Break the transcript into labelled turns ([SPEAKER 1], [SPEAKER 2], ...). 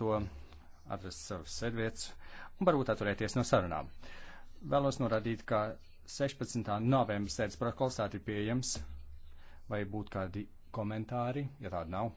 [SPEAKER 1] to atrast savas sedvietas un varbūt atturēties no sarunām. Vēlos norādīt, ka 16. novembris sēdes protokols tātad ir pieejams, vai būtu kādi komentāri, ja tāda nav.